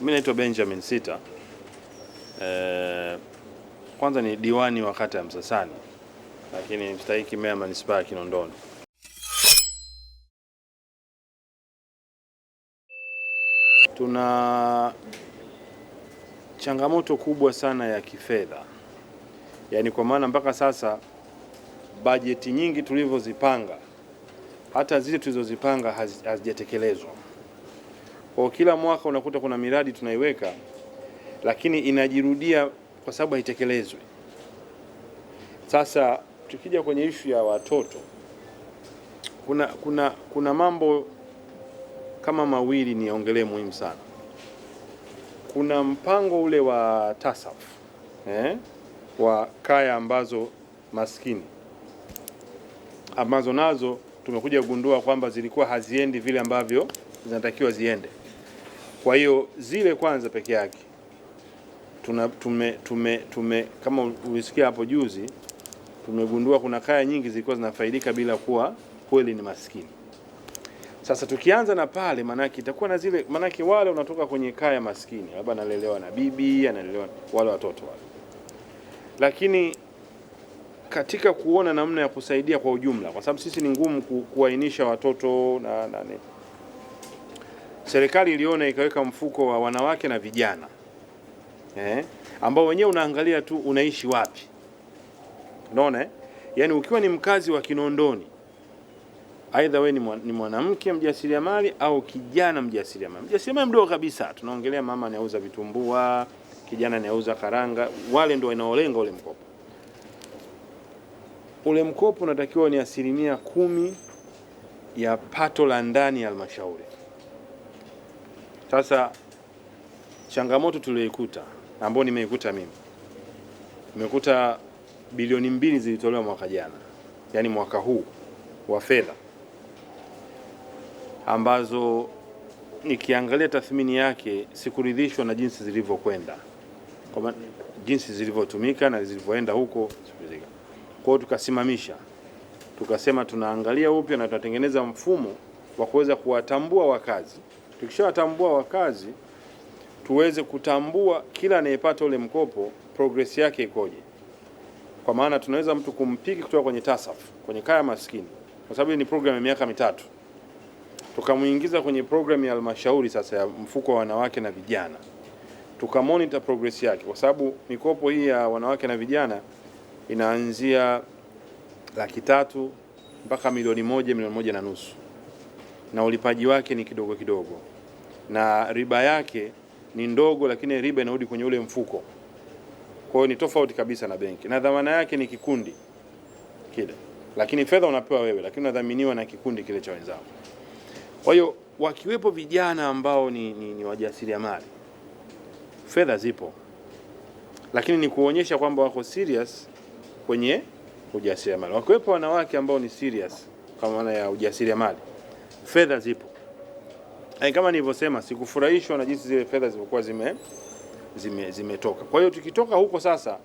Mimi naitwa Benjamin Sita. E, kwanza ni diwani wa kata ya Msasani, lakini mstahiki meya manispaa ya Kinondoni. Tuna changamoto kubwa sana ya kifedha, yaani kwa maana mpaka sasa bajeti nyingi tulivyozipanga hata zile tulizozipanga hazijatekelezwa kwa kila mwaka unakuta kuna miradi tunaiweka, lakini inajirudia kwa sababu haitekelezwi. Sasa tukija kwenye ishu ya watoto, kuna, kuna, kuna mambo kama mawili niongelee muhimu sana. Kuna mpango ule wa TASAF eh, wa kaya ambazo maskini ambazo nazo tumekuja kugundua kwamba zilikuwa haziendi vile ambavyo zinatakiwa ziende. Kwa hiyo zile kwanza peke yake tuna tume, tume, tume kama ulisikia hapo juzi, tumegundua kuna kaya nyingi zilikuwa zinafaidika bila kuwa kweli ni maskini. Sasa tukianza na pale, manake itakuwa na zile, manake wale unatoka kwenye kaya maskini, labda analelewa na bibi, analelewa wale watoto wale, lakini katika kuona namna ya kusaidia kwa ujumla, kwa sababu sisi ni ngumu kuainisha watoto na, na, serikali iliona ikaweka mfuko wa wanawake na vijana eh, ambao wenyewe unaangalia tu unaishi wapi. Unaona, yaani ukiwa ni mkazi wa Kinondoni, aidha we ni mwanamke mjasiriamali au kijana mjasiriamali, mjasiriamali mdogo kabisa, tunaongelea mama anauza vitumbua, kijana anauza karanga, wale ndio wanaolenga ule mkopo. Ule mkopo unatakiwa ni asilimia kumi ya pato la ndani ya halmashauri. Sasa changamoto tulioikuta ambayo nimeikuta mimi, nimekuta bilioni mbili zilitolewa mwaka jana, yaani mwaka huu wa fedha, ambazo nikiangalia tathmini yake sikuridhishwa na jinsi zilivyokwenda, kwa jinsi zilivyotumika na zilivyoenda huko. Kwa hiyo tukasimamisha, tukasema tunaangalia upya na tunatengeneza mfumo wa kuweza kuwatambua wakazi Tukishawatambua wakazi, tuweze kutambua kila anayepata ule mkopo progress yake ikoje, kwa maana tunaweza mtu kumpiki kutoka kwenye TASAF kwenye kaya maskini, kwa sababu ni program ya miaka mitatu, tukamuingiza kwenye program ya halmashauri sasa ya mfuko wa wanawake na vijana, tukamonitor progress yake, kwa sababu mikopo hii ya wanawake na vijana inaanzia laki tatu mpaka milioni moja, milioni moja na nusu na ulipaji wake ni kidogo kidogo, na riba yake ni ndogo, lakini riba inarudi kwenye ule mfuko. Kwa hiyo ni tofauti kabisa na benki, na dhamana yake ni kikundi kile, lakini fedha unapewa wewe, lakini unadhaminiwa na kikundi kile cha wenzao. Kwa hiyo wakiwepo vijana ambao ni, ni, ni wajasiriamali, fedha zipo, lakini ni kuonyesha kwamba wako serious kwenye ujasiriamali. Wakiwepo wanawake ambao ni serious kwa maana ya ujasiriamali fedha zipo. Ay, eh, kama nilivyosema sikufurahishwa na jinsi zile fedha zilivyokuwa zime zimetoka zime. Kwa hiyo tukitoka huko sasa,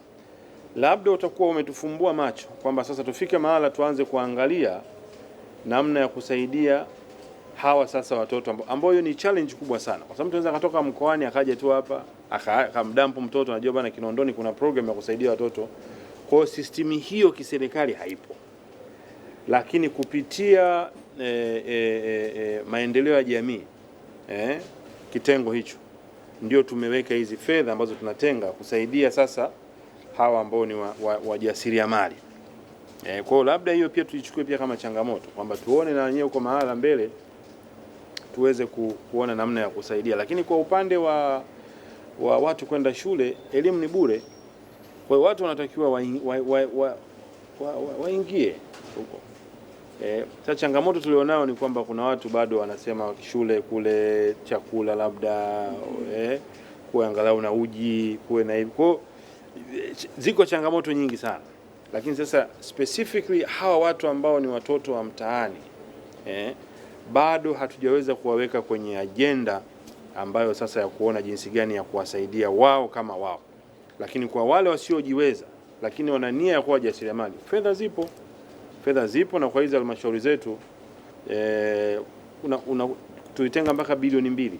labda utakuwa umetufumbua macho kwamba sasa tufike mahala tuanze kuangalia namna ya kusaidia hawa sasa watoto ambao hiyo ni challenge kubwa sana, kwa sababu tunaweza akatoka mkoani akaja tu hapa akamdampu mtoto, najua bana, Kinondoni kuna program ya kusaidia watoto. Kwa hiyo system hiyo kiserikali haipo, lakini kupitia e, e, e, maendeleo ya jamii e, kitengo hicho ndio tumeweka hizi fedha ambazo tunatenga kusaidia sasa hawa ambao ni wajasiriamali wa, wa e, eh, kwao labda hiyo pia tuichukue pia kama changamoto kwamba tuone na wenyewe uko mahala mbele tuweze ku, kuona namna ya kusaidia, lakini kwa upande wa, wa watu kwenda shule, elimu ni bure. Kwa hiyo watu wanatakiwa waingie wa, wa, wa, wa, wa huko Eh, changamoto tulionayo ni kwamba kuna watu bado wanasema shule kule chakula labda eh, kuwe angalau na uji kuwe na hivi. Kwa ziko changamoto nyingi sana, lakini sasa specifically hawa watu ambao ni watoto wa mtaani eh, bado hatujaweza kuwaweka kwenye ajenda ambayo sasa ya kuona jinsi gani ya kuwasaidia wao kama wao, lakini kwa wale wasiojiweza, lakini wana nia ya kuwa jasiriamali, fedha zipo fedha zipo, na kwa hizo halmashauri zetu e, una, una, tulitenga mpaka bilioni mbili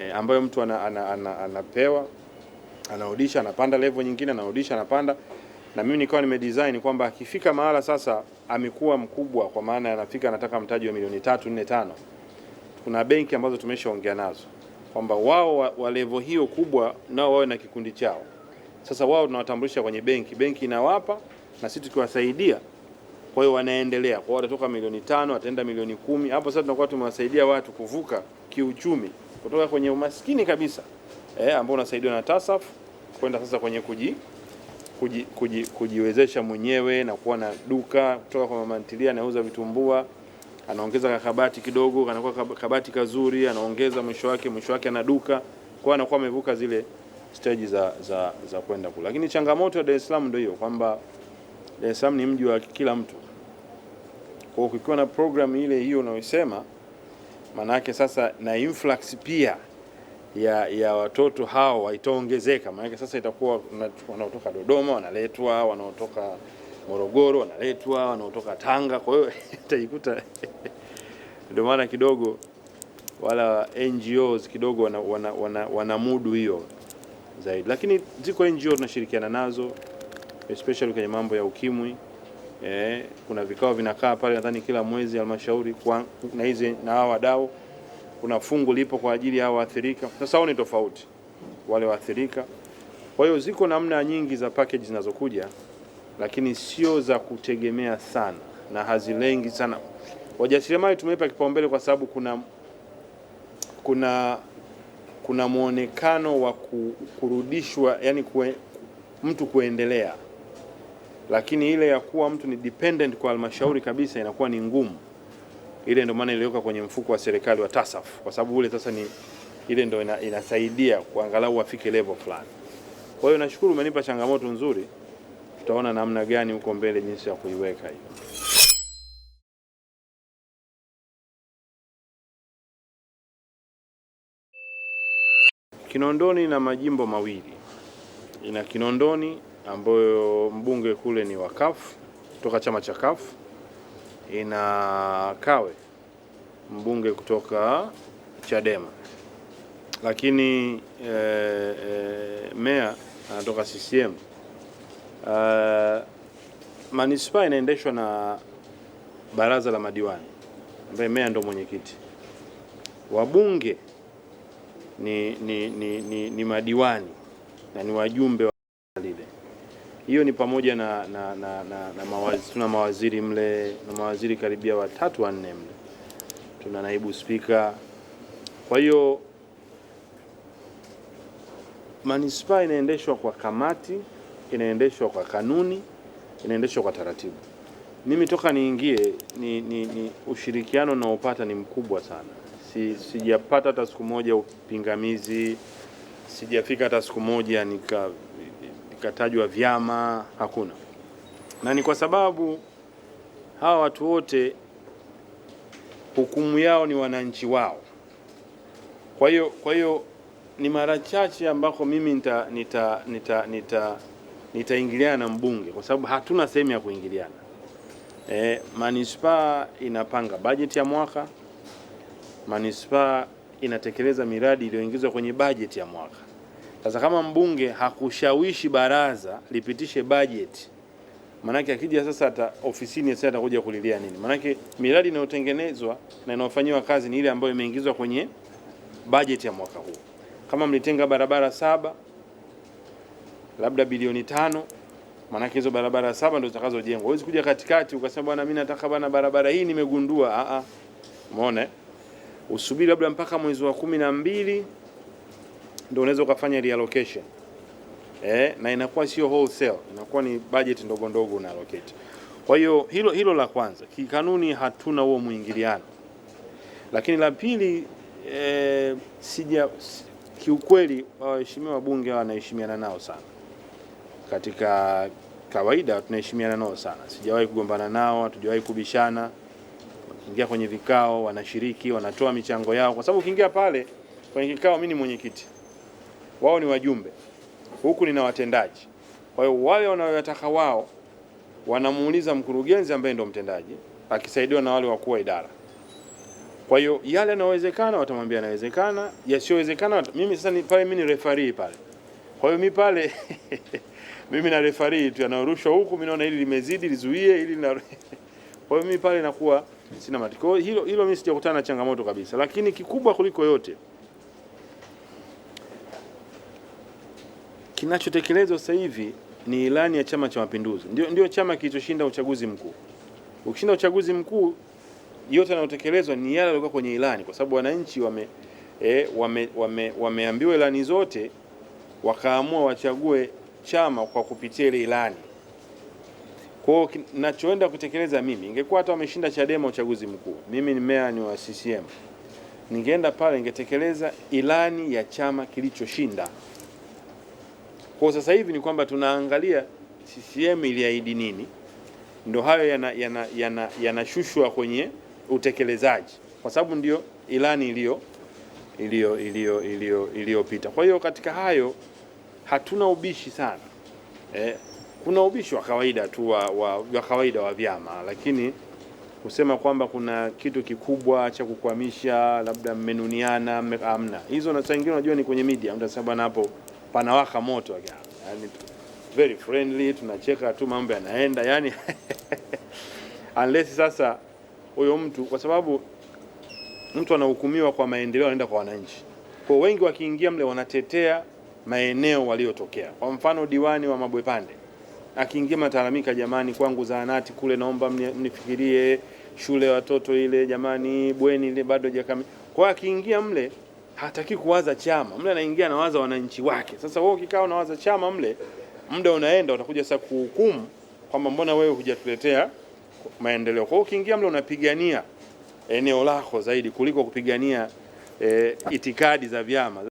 e, ambayo mtu anapewa ana, ana, ana, anapewa anarudisha anapanda level nyingine, anarudisha anapanda, na mimi nikawa design kwamba akifika mahala sasa amekuwa mkubwa, kwa maana anafika anataka mtaji wa milioni tatu nne tano, kuna benki ambazo tumeshaongea nazo kwamba wao wa, wa level hiyo kubwa nao wawe na kikundi chao. Sasa wao tunawatambulisha kwenye benki, benki inawapa na sisi tukiwasaidia kwa hiyo wanaendelea, kwa watatoka milioni tano wataenda milioni kumi. Hapo sasa tunakuwa tumewasaidia watu kuvuka kiuchumi kutoka kwenye umaskini kabisa eh, ambao unasaidiwa na TASAF kwenda sasa kwenye kuji, kuji, kuji, kujiwezesha mwenyewe na kuwa na duka, kutoka kwa mama ntilia anauza vitumbua anaongeza kakabati kidogo, anakuwa kabati kazuri, anaongeza mwisho wake, mwisho wake ana duka, kwa anakuwa amevuka zile stage za, za, za kwenda kula. Lakini changamoto ya Dar es Salaam ndio hiyo kwamba Dar es Salaam ni mji wa kila mtu. Kwa hiyo kukiwa na program ile hiyo unayosema, maanake sasa na influx pia ya, ya watoto hao itaongezeka, maanake sasa itakuwa wanaotoka Dodoma wanaletwa, wanaotoka Morogoro wanaletwa, wanaotoka Tanga. Kwa hiyo itajikuta ndio maana kidogo wala NGOs kidogo wana, wana, wana, wana hiyo zaidi, lakini ziko NGO tunashirikiana nazo especially kwenye mambo ya ukimwi eh, kuna vikao vinakaa pale nadhani kila mwezi halmashauri na hizi na hao wadau. Kuna fungu lipo kwa ajili ya waathirika. Sasa ni tofauti wale waathirika. Kwa hiyo ziko namna nyingi za package zinazokuja, lakini sio za kutegemea sana na hazilengi sana wajasiriamali. Tumeipa kipaumbele kwa sababu kuna kuna kuna mwonekano wa kurudishwa, yani kue, mtu kuendelea lakini ile ya kuwa mtu ni dependent kwa halmashauri kabisa inakuwa ni ngumu. Ile ndio maana iliweka kwenye mfuko wa serikali wa TASAF, kwa sababu ule sasa ni ile ndio ina, inasaidia kuangalau wafike level fulani. Kwa hiyo nashukuru umenipa changamoto nzuri, tutaona namna gani huko mbele jinsi ya kuiweka hiyo. Kinondoni na majimbo mawili, ina Kinondoni ambayo mbunge kule ni wa CUF kutoka chama cha CUF, ina Kawe mbunge kutoka Chadema, lakini e, eh, e, eh, meya anatoka CCM. Uh, eh, manispaa inaendeshwa na baraza la madiwani ambaye meya ndo mwenyekiti, wabunge ni, ni, ni, ni, ni madiwani na ni wajumbe wa lile hiyo ni pamoja na, na, na, na, na mawaziri, tuna mawaziri mle na mawaziri karibia watatu wanne mle, tuna naibu spika. Kwa hiyo manispaa inaendeshwa kwa kamati, inaendeshwa kwa kanuni, inaendeshwa kwa taratibu. Mimi toka niingie ni, ni, ni ushirikiano naopata ni mkubwa sana, si sijapata hata siku moja upingamizi, sijafika hata siku moja nika ikatajwa vyama, hakuna. Na ni kwa sababu hawa watu wote hukumu yao ni wananchi wao. Kwa hiyo kwa hiyo ni mara chache ambako mimi nitaingiliana nita, nita, nita, nita na mbunge kwa sababu hatuna sehemu ya kuingiliana. E, manispaa inapanga bajeti ya mwaka, manispaa inatekeleza miradi iliyoingizwa kwenye bajeti ya mwaka. Sasa kama mbunge hakushawishi baraza lipitishe bajeti, manake akija sasa ata ofisini sasa atakuja kulilia nini? Manake miradi inayotengenezwa na inayofanyiwa kazi ni ile ambayo imeingizwa kwenye bajeti ya mwaka huu. Kama mlitenga barabara saba labda bilioni tano, manake hizo barabara saba ndio zitakazojengwa. Huwezi kuja katikati ukasema bwana, mimi nataka bana barabara hii nimegundua. Umeona, eh? usubiri labda mpaka mwezi wa kumi na mbili ndio unaweza ukafanya reallocation eh, na inakuwa sio wholesale, inakuwa ni budget ndogo ndogo una allocate. Kwa hiyo hilo hilo la kwanza, kikanuni hatuna huo mwingiliano, lakini la pili eh, sija kiukweli, waheshimiwa wabunge wanaheshimiana nao sana katika kawaida tunaheshimiana nao sana, sijawahi kugombana nao, hatujawahi kubishana. Ingia kwenye vikao, wanashiriki, wanatoa michango yao, kwa sababu ukiingia pale kwenye kikao, mimi ni mwenyekiti wao ni wajumbe, huku nina watendaji. Kwa hiyo wale wanaoyataka wao wanamuuliza mkurugenzi ambaye ndio mtendaji, akisaidiwa na wale wakuu wa idara. Kwa hiyo yale yanawezekana watamwambia yanawezekana, yasiyowezekana wat... mimi sasa ni pale, mimi ni referee pale. Kwa hiyo mimi pale mimi na referee tu, yanayorushwa huku mimi naona hili limezidi, lizuie hili na kwa hiyo mimi pale nakuwa sina matokeo. Hilo hilo mimi sijakutana na changamoto kabisa, lakini kikubwa kuliko yote Kinachotekelezwa sasa hivi ni ilani ya Chama cha Mapinduzi, ndio, ndio chama kilichoshinda uchaguzi mkuu. Ukishinda uchaguzi mkuu, yote yanayotekelezwa ni yale yaliyokuwa kwenye ilani, kwa sababu wananchi wame, e, wame, wame, wameambiwa ilani zote, wakaamua wachague chama kwa kupitia ile ilani. Kwa hiyo nachoenda kutekeleza mimi, ingekuwa hata wameshinda Chadema uchaguzi mkuu, mimi ni meya ni wa CCM, ningeenda pale ningetekeleza ilani ya chama kilichoshinda. Kwa sasa hivi ni kwamba tunaangalia CCM iliahidi nini, ndio hayo yanashushwa yana, yana, yana kwenye utekelezaji, kwa sababu ndio ilani iliyo iliyopita. Kwa hiyo katika hayo hatuna ubishi sana eh, kuna ubishi wa kawaida tu wa, wa, wa kawaida wa vyama, lakini kusema kwamba kuna kitu kikubwa cha kukwamisha labda mmenuniana, amna hizo. Na saa ingine unajua ni kwenye media mtasema bwana hapo panawaka moto yani, very friendly, tunacheka tu, mambo yanaenda yani unless sasa huyo mtu, kwa sababu mtu anahukumiwa kwa maendeleo, anaenda kwa wananchi. Kwa wengi wakiingia mle wanatetea maeneo waliotokea. Kwa mfano diwani wa Mabwepande akiingia matalamika, jamani, kwangu zahanati kule naomba mnifikirie, shule watoto ile, jamani, bweni ile bado jakami. Kwa akiingia mle hataki kuwaza chama mle, anaingia anawaza wananchi wake. Sasa wewe ukikaa unawaza chama mle, muda unaenda, utakuja sasa kuhukumu kwamba mbona wewe hujatuletea maendeleo. Kwa hiyo ukiingia mle unapigania eneo lako zaidi kuliko kupigania e, itikadi za vyama.